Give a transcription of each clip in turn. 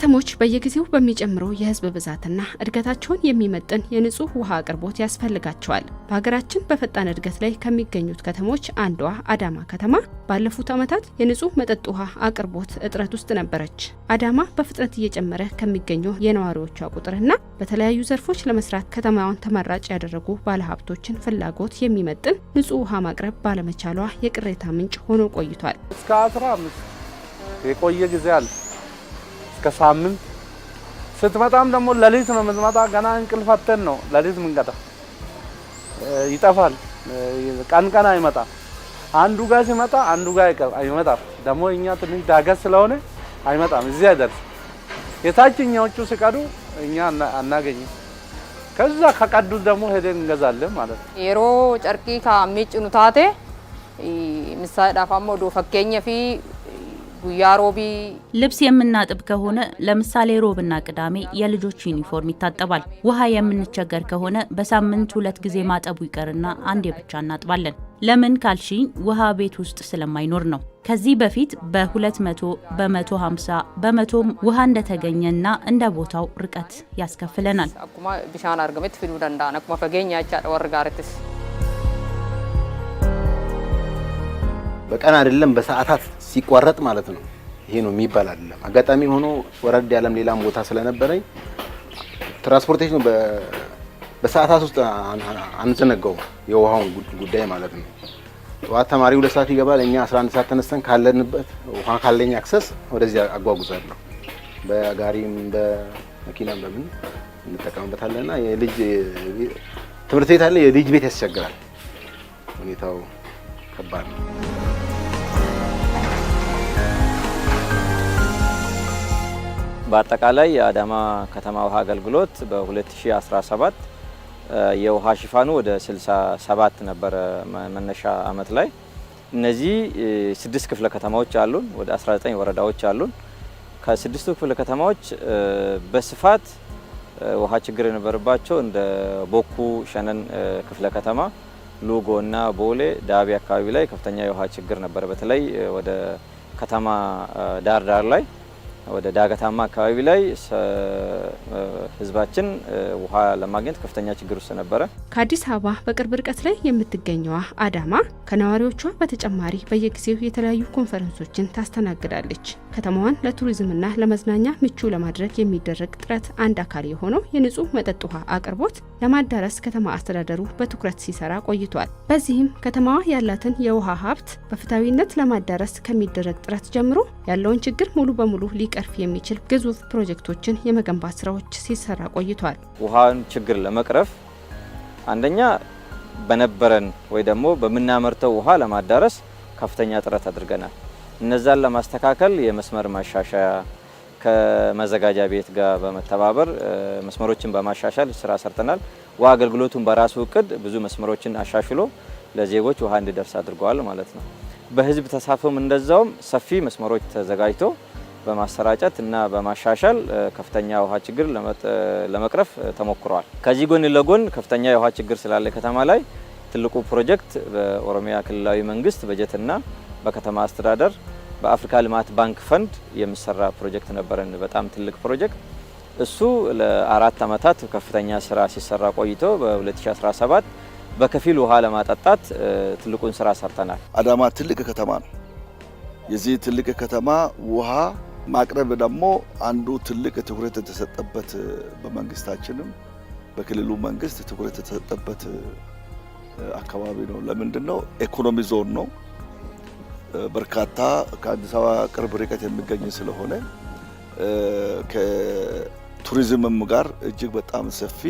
ከተሞች በየጊዜው በሚጨምረው የህዝብ ብዛትና እድገታቸውን የሚመጥን የንጹህ ውሃ አቅርቦት ያስፈልጋቸዋል። በሀገራችን በፈጣን እድገት ላይ ከሚገኙት ከተሞች አንዷ አዳማ ከተማ ባለፉት ዓመታት የንጹህ መጠጥ ውሃ አቅርቦት እጥረት ውስጥ ነበረች። አዳማ በፍጥነት እየጨመረ ከሚገኙ የነዋሪዎቿ ቁጥርና በተለያዩ ዘርፎች ለመስራት ከተማዋን ተመራጭ ያደረጉ ባለሀብቶችን ፍላጎት የሚመጥን ንጹህ ውሃ ማቅረብ ባለመቻሏ የቅሬታ ምንጭ ሆኖ ቆይቷል። እስከ አስራ አምስት የቆየ ጊዜ አለ እስከ ሳምንት ስትመጣም ደግሞ ለሊት ነው የምትመጣ። ገና እንቅልፋተን ነው ለሊት ምንቀጣ ይጠፋል። ቀን ቀን አይመጣም። አንዱ ጋር ሲመጣ አንዱ ጋር አይመጣም። ደግሞ እኛ ትንሽ ዳገት ስለሆነ አይመጣም፣ እዚህ አይደርስም። የታችኛዎቹ ሲቀዱ እኛ አናገኝም። ከዛ ከቀዱት ደግሞ ሄደን እንገዛለን ማለት ነው። የሮ ጨርቂ ከሚጭኑ ታቴ ምሳሌ ዳፋሞ ዶ ፈኬኘ ፊ ጉያ ሮቢ ልብስ የምናጥብ ከሆነ ለምሳሌ ሮብና ቅዳሜ የልጆች ዩኒፎርም ይታጠባል። ውሃ የምንቸገር ከሆነ በሳምንት ሁለት ጊዜ ማጠቡ ይቀርና አንዴ ብቻ እናጥባለን። ለምን ካልሽኝ ውሃ ቤት ውስጥ ስለማይኖር ነው። ከዚህ በፊት በ200 በ150 በመቶ ውሃ እንደተገኘና እንደ ቦታው ርቀት ያስከፍለናል። በቀን አይደለም በሰዓታት ሲቋረጥ ማለት ነው። ይሄ ነው የሚባል አይደለም። አጋጣሚ ሆኖ ወረድ ያለም ሌላም ቦታ ስለነበረኝ ትራንስፖርቴሽኑ በሰዓታት ውስጥ አንዘነጋው የውሃውን ጉዳይ ማለት ነው። ጠዋት ተማሪ ሁለት ሰዓት ይገባል። እኛ 11 ሰዓት ተነስተን ካለንበት ውሃ ካለኝ አክሰስ ወደዚህ አጓጉዛለሁ። በጋሪም በመኪናም በምን እንጠቀምበታለን የልጅ ትምህርት ቤት አለ፣ የልጅ ቤት ያስቸግራል። ሁኔታው ከባድ ነው። በአጠቃላይ የአዳማ ከተማ ውሃ አገልግሎት በ2017 የውሃ ሽፋኑ ወደ 67 ነበረ መነሻ አመት ላይ። እነዚህ ስድስት ክፍለ ከተማዎች አሉን፣ ወደ 19 ወረዳዎች አሉን። ከስድስቱ ክፍለ ከተማዎች በስፋት ውሃ ችግር የነበረባቸው እንደ ቦኩ ሸነን ክፍለ ከተማ፣ ሉጎ እና ቦሌ ዳቢ አካባቢ ላይ ከፍተኛ የውሃ ችግር ነበረ። በተለይ ወደ ከተማ ዳር ዳር ላይ ወደ ዳገታማ አካባቢ ላይ ህዝባችን ውሃ ለማግኘት ከፍተኛ ችግር ውስጥ ነበረ። ከአዲስ አበባ በቅርብ ርቀት ላይ የምትገኘዋ አዳማ ከነዋሪዎቿ በተጨማሪ በየጊዜው የተለያዩ ኮንፈረንሶችን ታስተናግዳለች። ከተማዋን ለቱሪዝምና ለመዝናኛ ምቹ ለማድረግ የሚደረግ ጥረት አንድ አካል የሆነው የንጹህ መጠጥ ውሃ አቅርቦት ለማዳረስ ከተማ አስተዳደሩ በትኩረት ሲሰራ ቆይቷል። በዚህም ከተማዋ ያላትን የውሃ ሀብት በፍትሐዊነት ለማዳረስ ከሚደረግ ጥረት ጀምሮ ያለውን ችግር ሙሉ በሙሉ ሊ ሊቀርፍ የሚችል ግዙፍ ፕሮጀክቶችን የመገንባት ስራዎች ሲሰራ ቆይቷል። ውሃን ችግር ለመቅረፍ አንደኛ በነበረን ወይ ደግሞ በምናመርተው ውሃ ለማዳረስ ከፍተኛ ጥረት አድርገናል። እነዛን ለማስተካከል የመስመር ማሻሻያ ከመዘጋጃ ቤት ጋር በመተባበር መስመሮችን በማሻሻል ስራ ሰርተናል። ውሃ አገልግሎቱን በራሱ እቅድ ብዙ መስመሮችን አሻሽሎ ለዜጎች ውሃ እንዲደርስ አድርገዋል ማለት ነው። በህዝብ ተሳትፎም እንደዛውም ሰፊ መስመሮች ተዘጋጅቶ በማሰራጨት እና በማሻሻል ከፍተኛ የውሃ ችግር ለመቅረፍ ተሞክሯል። ከዚህ ጎን ለጎን ከፍተኛ የውሃ ችግር ስላለ ከተማ ላይ ትልቁ ፕሮጀክት በኦሮሚያ ክልላዊ መንግስት በጀትና በከተማ አስተዳደር በአፍሪካ ልማት ባንክ ፈንድ የሚሰራ ፕሮጀክት ነበረን። በጣም ትልቅ ፕሮጀክት እሱ ለአራት ዓመታት ከፍተኛ ስራ ሲሰራ ቆይቶ በ2017 በከፊል ውሃ ለማጠጣት ትልቁን ስራ ሰርተናል። አዳማ ትልቅ ከተማ ነው። የዚህ ትልቅ ከተማ ውሃ ማቅረብ ደግሞ አንዱ ትልቅ ትኩረት የተሰጠበት በመንግስታችንም በክልሉ መንግስት ትኩረት የተሰጠበት አካባቢ ነው። ለምንድን ነው? ኢኮኖሚ ዞን ነው። በርካታ ከአዲስ አበባ ቅርብ ርቀት የሚገኝ ስለሆነ ከቱሪዝምም ጋር እጅግ በጣም ሰፊ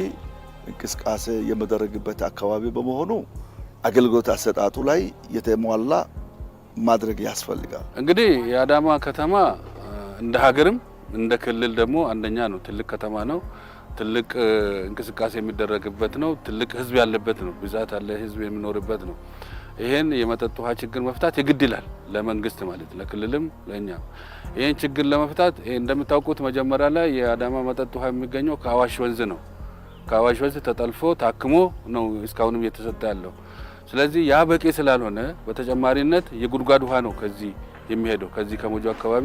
እንቅስቃሴ የመደረግበት አካባቢ በመሆኑ አገልግሎት አሰጣጡ ላይ የተሟላ ማድረግ ያስፈልጋል። እንግዲህ የአዳማ ከተማ እንደ ሀገርም እንደ ክልል ደግሞ አንደኛ ነው። ትልቅ ከተማ ነው። ትልቅ እንቅስቃሴ የሚደረግበት ነው። ትልቅ ህዝብ ያለበት ነው። ብዛት ያለ ህዝብ የሚኖርበት ነው። ይሄን የመጠጥ ውሃ ችግር መፍታት የግድ ይላል፣ ለመንግስት ማለት ለክልልም ለእኛም። ይህን ችግር ለመፍታት እንደምታውቁት መጀመሪያ ላይ የአዳማ መጠጥ ውሃ የሚገኘው ከአዋሽ ወንዝ ነው። ከአዋሽ ወንዝ ተጠልፎ ታክሞ ነው እስካሁንም እየተሰጠ ያለው። ስለዚህ ያ በቂ ስላልሆነ በተጨማሪነት የጉድጓድ ውሃ ነው ከዚህ የሚሄደው ከዚህ ከሞጆ አካባቢ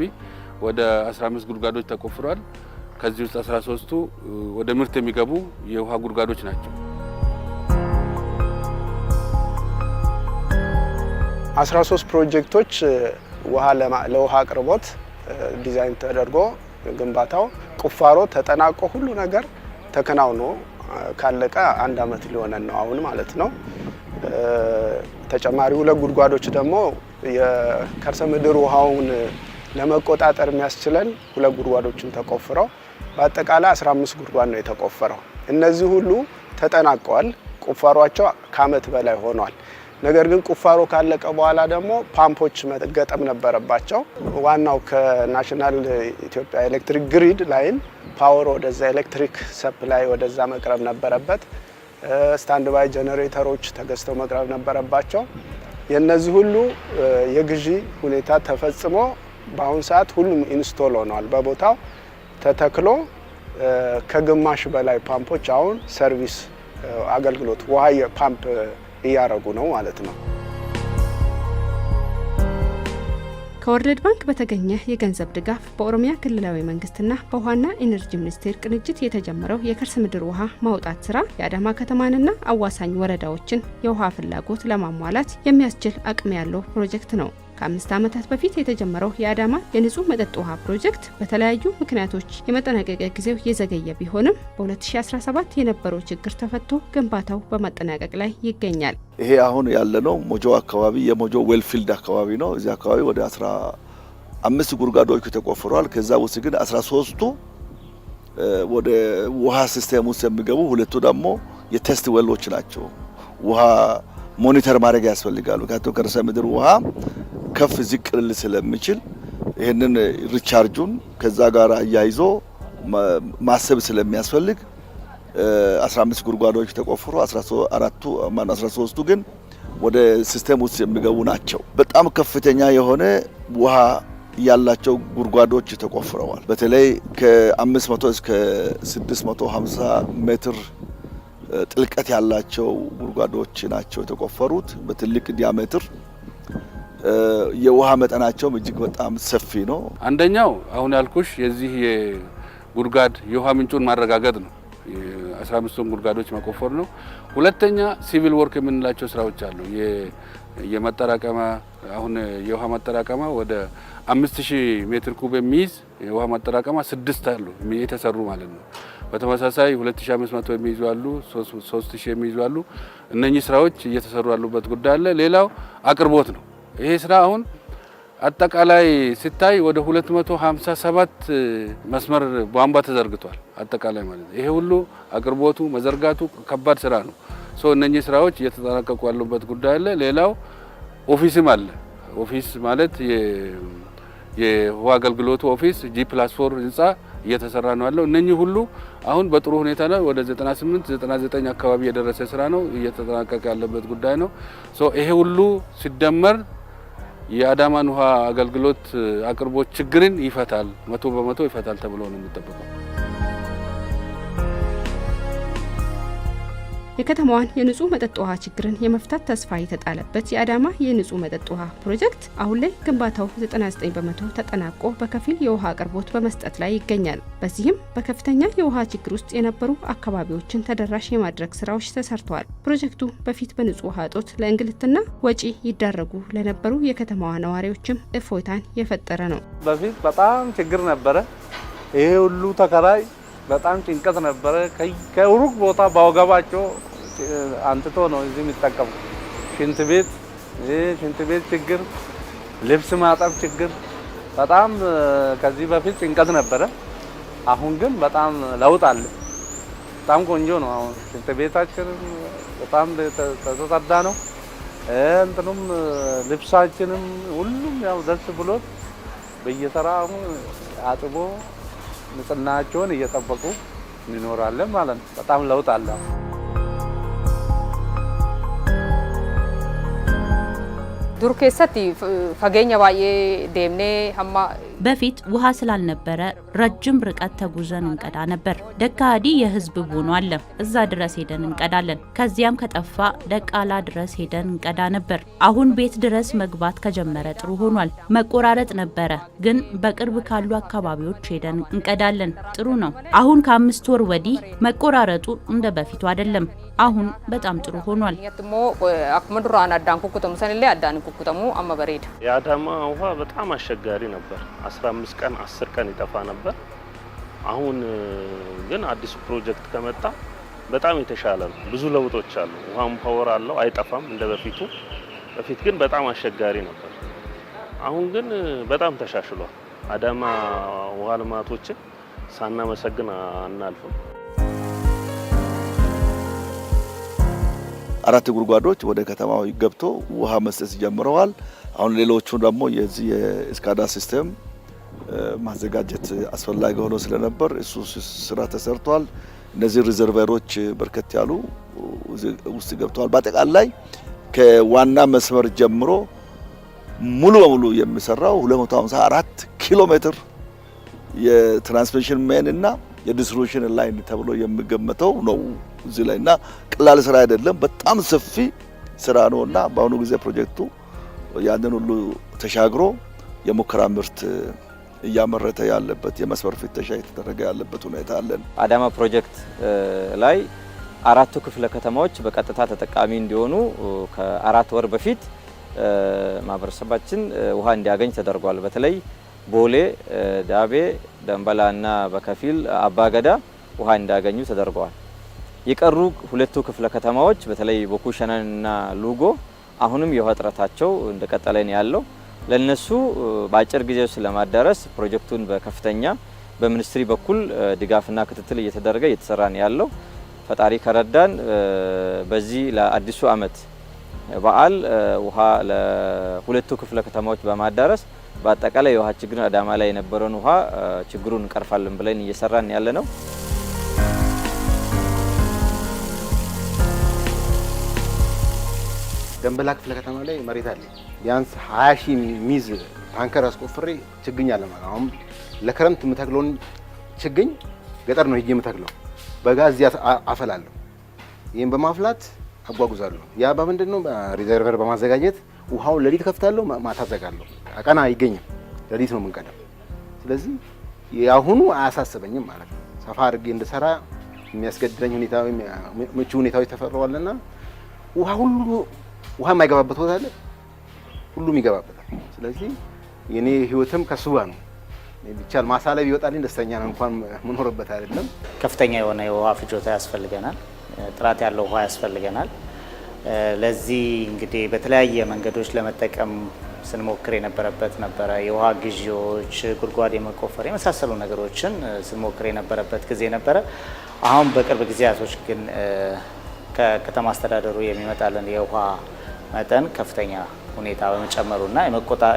ወደ 15 ጉድጓዶች ተቆፍሯል። ከዚህ ውስጥ 13ቱ ወደ ምርት የሚገቡ የውሃ ጉድጓዶች ናቸው። 13 ፕሮጀክቶች ለውሃ አቅርቦት ዲዛይን ተደርጎ ግንባታው ቁፋሮ ተጠናቆ ሁሉ ነገር ተከናውኖ ካለቀ አንድ አመት ሊሆነን ነው አሁን ማለት ነው። ተጨማሪ ሁለት ጉድጓዶች ደግሞ የከርሰ ምድር ውሃውን ለመቆጣጠር የሚያስችለን ሁለት ጉድጓዶችን ተቆፍረው በአጠቃላይ 15 ጉድጓድ ነው የተቆፈረው። እነዚህ ሁሉ ተጠናቀዋል። ቁፋሯቸው ከአመት በላይ ሆኗል። ነገር ግን ቁፋሮ ካለቀ በኋላ ደግሞ ፓምፖች መገጠም ነበረባቸው። ዋናው ከናሽናል ኢትዮጵያ ኤሌክትሪክ ግሪድ ላይን ፓወር ወደዛ ኤሌክትሪክ ሰፕላይ ወደዛ መቅረብ ነበረበት። ስታንድ ባይ ጀነሬተሮች ተገዝተው መቅረብ ነበረባቸው። የእነዚህ ሁሉ የግዢ ሁኔታ ተፈጽሞ በአሁን ሰዓት ሁሉም ኢንስቶል ሆኗል። በቦታው ተተክሎ ከግማሽ በላይ ፓምፖች አሁን ሰርቪስ አገልግሎት ውሃ ፓምፕ እያረጉ ነው ማለት ነው። ከወርልድ ባንክ በተገኘ የገንዘብ ድጋፍ በኦሮሚያ ክልላዊ መንግስትና በውሃና ኢነርጂ ሚኒስቴር ቅንጅት የተጀመረው የከርሰ ምድር ውሃ ማውጣት ስራ የአዳማ ከተማንና አዋሳኝ ወረዳዎችን የውሃ ፍላጎት ለማሟላት የሚያስችል አቅም ያለው ፕሮጀክት ነው። ከአምስት ዓመታት በፊት የተጀመረው የአዳማ የንጹህ መጠጥ ውሃ ፕሮጀክት በተለያዩ ምክንያቶች የመጠናቀቂያ ጊዜው የዘገየ ቢሆንም በ2017 የነበረው ችግር ተፈቶ ግንባታው በማጠናቀቅ ላይ ይገኛል። ይሄ አሁን ያለነው ሞጆ አካባቢ የሞጆ ዌልፊልድ አካባቢ ነው። እዚህ አካባቢ ወደ 15 ጉድጓዶች ተቆፍረዋል። ከዛ ውስጥ ግን 13ቱ ወደ ውሃ ሲስተም ውስጥ የሚገቡ ሁለቱ ደግሞ የቴስት ወሎች ናቸው። ውሃ ሞኒተር ማድረግ ያስፈልጋሉ። ከቶ ከርሰ ምድር ውሃ ከፍ ዝቅ ልል ስለምችል ይህንን ሪቻርጁን ከዛ ጋር አያይዞ ማሰብ ስለሚያስፈልግ 15 ጉድጓዶች ተቆፍሮ 13ቱ ግን ወደ ሲስተም ውስጥ የሚገቡ ናቸው። በጣም ከፍተኛ የሆነ ውሃ ያላቸው ጉድጓዶች ተቆፍረዋል። በተለይ ከ500 እስከ 650 ሜትር ጥልቀት ያላቸው ጉድጓዶች ናቸው የተቆፈሩት በትልቅ ዲያሜትር የውሃ መጠናቸውም እጅግ በጣም ሰፊ ነው። አንደኛው አሁን ያልኩሽ የዚህ የጉድጓድ የውሃ ምንጩን ማረጋገጥ ነው። አስራ አምስቱን ጉድጓዶች መቆፈር ነው። ሁለተኛ ሲቪል ወርክ የምንላቸው ስራዎች አሉ። የማጠራቀማ አሁን የውሃ ማጠራቀማ ወደ አምስት ሺህ ሜትር ኩብ የሚይዝ የውሃ ማጠራቀማ ስድስት አሉ የተሰሩ ማለት ነው። በተመሳሳይ 2500 የሚይዙ አሉ፣ 3000 የሚይዙ አሉ። እነኚህ ስራዎች እየተሰሩ ያሉበት ጉዳይ አለ። ሌላው አቅርቦት ነው። ይሄ ስራ አሁን አጠቃላይ ሲታይ ወደ 257 መስመር ቧንቧ ተዘርግቷል። አጠቃላይ ማለት ነው። ይሄ ሁሉ አቅርቦቱ መዘርጋቱ ከባድ ስራ ነው። ሶ እነኚህ ስራዎች እየተጠናቀቁ ያሉበት ጉዳይ አለ። ሌላው ኦፊስም አለ። ኦፊስ ማለት የውሃ አገልግሎቱ ኦፊስ ጂ ፕላስ ፎር ህንፃ እየተሰራ ነው ያለው። እነኚህ ሁሉ አሁን በጥሩ ሁኔታ ላይ ወደ 98 99 አካባቢ የደረሰ ስራ ነው እየተጠናቀቀ ያለበት ጉዳይ ነው። ሶ ይሄ ሁሉ ሲደመር የአዳማን ውሃ አገልግሎት አቅርቦት ችግርን ይፈታል፣ መቶ በመቶ ይፈታል ተብሎ ነው የሚጠበቀው። የከተማዋን የንጹህ መጠጥ ውሃ ችግርን የመፍታት ተስፋ የተጣለበት የአዳማ የንጹህ መጠጥ ውሃ ፕሮጀክት አሁን ላይ ግንባታው 99 በመቶ ተጠናቆ በከፊል የውሃ አቅርቦት በመስጠት ላይ ይገኛል። በዚህም በከፍተኛ የውሃ ችግር ውስጥ የነበሩ አካባቢዎችን ተደራሽ የማድረግ ስራዎች ተሰርተዋል። ፕሮጀክቱ በፊት በንጹህ ውሃ እጦት ለእንግልትና ወጪ ይዳረጉ ለነበሩ የከተማዋ ነዋሪዎችም እፎይታን የፈጠረ ነው። በፊት በጣም ችግር ነበረ። ይሄ ሁሉ ተከራይ በጣም ጭንቀት ነበረ። ከሩቅ ቦታ በወገባቸው አንትቶ ነው እዚህ የሚጠቀሙ። ሽንት ቤት ሽንት ቤት ችግር፣ ልብስ ማጠብ ችግር፣ በጣም ከዚህ በፊት ጭንቀት ነበረ። አሁን ግን በጣም ለውጥ አለ። በጣም ቆንጆ ነው። አሁን ሽንት ቤታችን በጣም ተጸዳ ነው። እንትኑም ልብሳችንም ሁሉም ያው ደስ ብሎት በየተራ አጥቦ ንጽህናቸውን እየጠበቁ እንኖራለን ማለት ነው። በጣም ለውጥ አለ። ዱር ኬሰቲ ፈገኛ ባዬ ደምኔ ሀማ በፊት ውሃ ስላልነበረ ረጅም ርቀት ተጉዘን እንቀዳ ነበር። ደካዲ የህዝብ ቡኖ አለ። እዛ ድረስ ሄደን እንቀዳለን። ከዚያም ከጠፋ ደቃላ ድረስ ሄደን እንቀዳ ነበር። አሁን ቤት ድረስ መግባት ከጀመረ ጥሩ ሆኗል። መቆራረጥ ነበረ፣ ግን በቅርብ ካሉ አካባቢዎች ሄደን እንቀዳለን። ጥሩ ነው። አሁን ከአምስት ወር ወዲህ መቆራረጡ እንደ በፊቱ አይደለም። አሁን በጣም ጥሩ ሆኗል። አዳን ኩኩተሙ አመበሬድ የአዳማ ውሃ በጣም አስቸጋሪ ነበር። 15 ቀን 10 ቀን ይጠፋ ነበር። አሁን ግን አዲሱ ፕሮጀክት ከመጣ በጣም የተሻለ ነው። ብዙ ለውጦች አሉ። ውሃም ፓወር አለው፣ አይጠፋም እንደ በፊቱ። በፊት ግን በጣም አስቸጋሪ ነበር። አሁን ግን በጣም ተሻሽሏል። አዳማ ውሃ ልማቶችን ሳናመሰግን አናልፍም። አራት ጉድጓዶች ወደ ከተማው ገብቶ ውሃ መስጠት ጀምረዋል። አሁን ሌሎቹ ደግሞ የዚህ የእስካዳ ሲስተም ማዘጋጀት አስፈላጊ ሆኖ ስለነበር እሱ ስራ ተሰርቷል። እነዚህ ሪዘርቬሮች በርከት ያሉ ውስጥ ገብተዋል። በአጠቃላይ ከዋና መስመር ጀምሮ ሙሉ በሙሉ የሚሰራው 254 ኪሎ ሜትር የትራንስሚሽን ሜን እና የዲስትሪቢሽን ላይን ተብሎ የሚገመተው ነው እዚህ ላይ እና ቀላል ስራ አይደለም፣ በጣም ሰፊ ስራ ነው እና በአሁኑ ጊዜ ፕሮጀክቱ ያንን ሁሉ ተሻግሮ የሙከራ ምርት እያመረተ ያለበት የመስመር ፍተሻ እየተደረገ ያለበት ሁኔታ አለን። አዳማ ፕሮጀክት ላይ አራቱ ክፍለ ከተማዎች በቀጥታ ተጠቃሚ እንዲሆኑ ከአራት ወር በፊት ማህበረሰባችን ውሃ እንዲያገኝ ተደርጓል። በተለይ ቦሌ፣ ዳቤ፣ ደንበላ እና በከፊል አባገዳ ውሃ እንዲያገኙ ተደርገዋል። የቀሩ ሁለቱ ክፍለ ከተማዎች በተለይ ቦኩሸነን እና ሉጎ አሁንም የውሃ እጥረታቸው እንደቀጠለን ያለው። ለነሱ በአጭር ጊዜ ውስጥ ለማዳረስ ፕሮጀክቱን በከፍተኛ በሚኒስትሪ በኩል ድጋፍና ክትትል እየተደረገ እየተሰራ ነው ያለው። ፈጣሪ ከረዳን በዚህ ለአዲሱ ዓመት በዓል ውሃ ለሁለቱ ክፍለ ከተማዎች በማዳረስ በአጠቃላይ የውሃ ችግር አዳማ ላይ የነበረውን ውሃ ችግሩን እንቀርፋለን ብለን እየሰራን ያለ ነው። ደንበላ ክፍለ ከተማ ላይ መሬት አለ። ቢያንስ 20 ሺህ ሚዝ ታንከር አስቆፍሬ ችግኝ አለ ማለት አሁን ለክረምት የምተክለውን ችግኝ ገጠር ነው ሄጄ የምተክለው፣ በጋ እዚያ አፈላለሁ። ይህም በማፍላት አጓጉዛለሁ። ያ በምንድን ነው? ሪዘርቨር በማዘጋጀት ውሃውን ለሊት ከፍታለሁ፣ ማታ ዘጋለሁ። ቀን አይገኝም፣ ለሊት ነው የምንቀደም። ስለዚህ የአሁኑ አያሳስበኝም ማለት ነው። ሰፋ አድርጌ እንድሰራ የሚያስገድደኝ ሁኔታ ምቹ ሁኔታዎች ተፈጥረዋልና ውሃ ሁሉ ውሃ የማይገባበት ቦታ አለ፣ ሁሉም ይገባበታል። ስለዚህ የኔ ህይወትም ከሱ ጋር ነው። ቢቻል ማሳ ላይ ቢወጣልኝ ደስተኛ ነው። እንኳን ምኖርበት አይደለም። ከፍተኛ የሆነ የውሃ ፍጆታ ያስፈልገናል። ጥራት ያለው ውሃ ያስፈልገናል። ለዚህ እንግዲህ በተለያየ መንገዶች ለመጠቀም ስንሞክር የነበረበት ነበረ። የውሃ ግዢዎች፣ ጉድጓድ የመቆፈር የመሳሰሉ ነገሮችን ስንሞክር የነበረበት ጊዜ ነበረ። አሁን በቅርብ ጊዜያቶች ግን ከከተማ አስተዳደሩ የሚመጣልን የውሃ መጠን ከፍተኛ ሁኔታ በመጨመሩና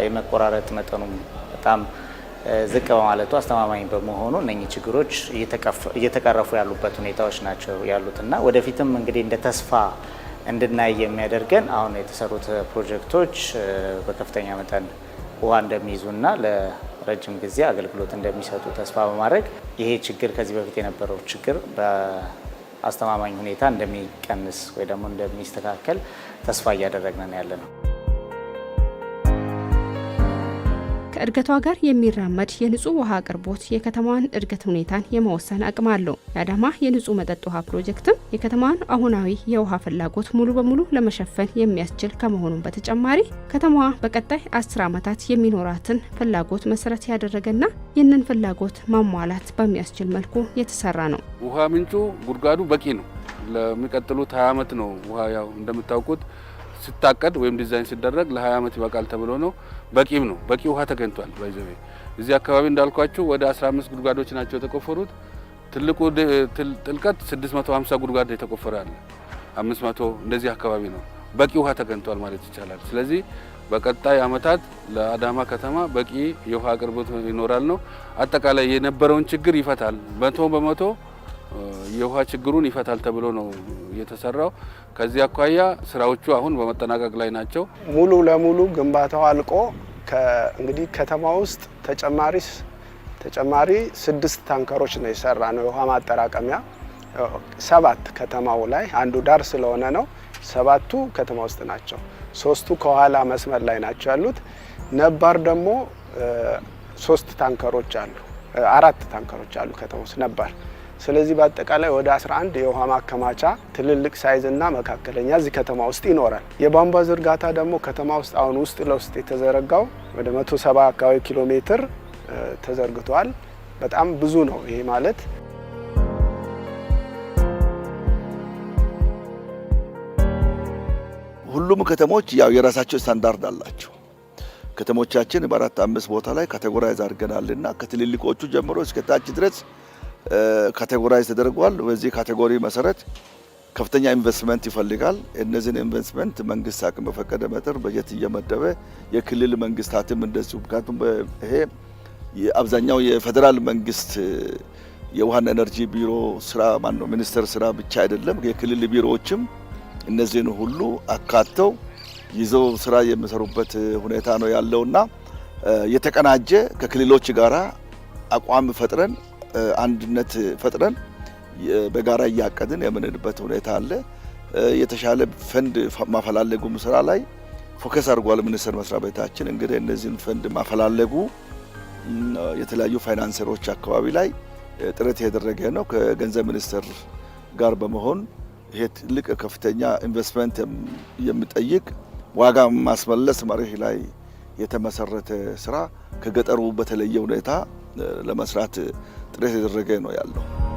የመቆራረጥ መጠኑም በጣም ዝቅ በማለቱ አስተማማኝ በመሆኑ እነኚህ ችግሮች እየተቀረፉ ያሉበት ሁኔታዎች ናቸው እና ወደፊትም እንግዲህ እንደ ተስፋ እንድናይ የሚያደርገን አሁን የተሰሩት ፕሮጀክቶች በከፍተኛ መጠን ውሃ እንደሚይዙና ለረጅም ጊዜ አገልግሎት እንደሚሰጡ ተስፋ በማድረግ ይሄ ችግር ከዚህ በፊት የነበረው ችግር በአስተማማኝ ሁኔታ እንደሚቀንስ ወይ ደግሞ እንደሚስተካከል ተስፋ እያደረግን ያለ ነው። ከእድገቷ ጋር የሚራመድ የንጹህ ውሃ አቅርቦት የከተማዋን እድገት ሁኔታን የመወሰን አቅም አለው። የአዳማ የንጹህ መጠጥ ውሃ ፕሮጀክትም የከተማዋን አሁናዊ የውሃ ፍላጎት ሙሉ በሙሉ ለመሸፈን የሚያስችል ከመሆኑም በተጨማሪ ከተማዋ በቀጣይ አስር ዓመታት የሚኖራትን ፍላጎት መሰረት ያደረገና ይህንን ፍላጎት ማሟላት በሚያስችል መልኩ የተሰራ ነው። ውሃ ምንጩ ጉድጓዱ በቂ ነው። ለሚቀጥሉት ሀያ ዓመት ነው። ውሃ ያው እንደምታውቁት ሲታቀድ ወይም ዲዛይን ሲደረግ ለሀያ ዓመት ይበቃል ተብሎ ነው። በቂም ነው። በቂ ውሃ ተገኝቷል። ባይዘቤ እዚህ አካባቢ እንዳልኳችሁ ወደ 15 ጉድጓዶች ናቸው የተቆፈሩት። ትልቁ ጥልቀት 650 ጉድጓድ የተቆፈረ አለ። 500 እንደዚህ አካባቢ ነው። በቂ ውሃ ተገኝቷል ማለት ይቻላል። ስለዚህ በቀጣይ አመታት ለአዳማ ከተማ በቂ የውሃ አቅርቦት ይኖራል ነው። አጠቃላይ የነበረውን ችግር ይፈታል መቶ በመቶ የውሃ ችግሩን ይፈታል ተብሎ ነው የተሰራው። ከዚህ አኳያ ስራዎቹ አሁን በመጠናቀቅ ላይ ናቸው። ሙሉ ለሙሉ ግንባታው አልቆ እንግዲህ ከተማ ውስጥ ተጨማሪ ተጨማሪ ስድስት ታንከሮች ነው የሰራ ነው የውሃ ማጠራቀሚያ ሰባት ከተማው ላይ አንዱ ዳር ስለሆነ ነው። ሰባቱ ከተማ ውስጥ ናቸው። ሶስቱ ከኋላ መስመር ላይ ናቸው ያሉት። ነባር ደግሞ ሶስት ታንከሮች አሉ፣ አራት ታንከሮች አሉ ከተማ ውስጥ ነባር ስለዚህ በአጠቃላይ ወደ 11 የውሃ ማከማቻ ትልልቅ እና መካከለኛ እዚህ ከተማ ውስጥ ይኖራል። የቧንቧ ዝርጋታ ደግሞ ከተማ ውስጥ አሁን ውስጥ ለውስጥ የተዘረጋው ወደ 170 አካባቢ ኪሎ ሜትር ተዘርግቷል። በጣም ብዙ ነው። ይሄ ማለት ሁሉም ከተሞች ያው የራሳቸው ስታንዳርድ አላቸው። ከተሞቻችን በአራት አምስት ቦታ ላይ ካቴጎራይዝ አድርገናልና ከትልልቆቹ ጀምሮ እስከ ታች ድረስ ካቴጎራይዝ ተደርጓል። በዚህ ካቴጎሪ መሰረት ከፍተኛ ኢንቨስትመንት ይፈልጋል። እነዚህን ኢንቨስትመንት መንግስት አቅም በፈቀደ መጠር በጀት እየመደበ የክልል መንግስታትም እንደዚሁ ምክንያቱም ይሄ አብዛኛው የፌዴራል መንግስት የውሃና ኤነርጂ ቢሮ ስራ ማነው ሚኒስቴር ስራ ብቻ አይደለም። የክልል ቢሮዎችም እነዚህን ሁሉ አካተው ይዘው ስራ የሚሰሩበት ሁኔታ ነው ያለውና የተቀናጀ ከክልሎች ጋራ አቋም ፈጥረን አንድነት ፈጥረን በጋራ እያቀድን የምንሄድበት ሁኔታ አለ። የተሻለ ፈንድ ማፈላለጉም ስራ ላይ ፎከስ አድርጓል ሚኒስቴር መስሪያ ቤታችን። እንግዲህ እነዚህን ፈንድ ማፈላለጉ የተለያዩ ፋይናንሰሮች አካባቢ ላይ ጥረት የደረገ ነው። ከገንዘብ ሚኒስቴር ጋር በመሆን ይሄ ትልቅ ከፍተኛ ኢንቨስትመንት የሚጠይቅ ዋጋ ማስመለስ መርህ ላይ የተመሰረተ ስራ ከገጠሩ በተለየ ሁኔታ ለመስራት 13 requeno, Aldo.